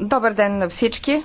Добър ден на всички!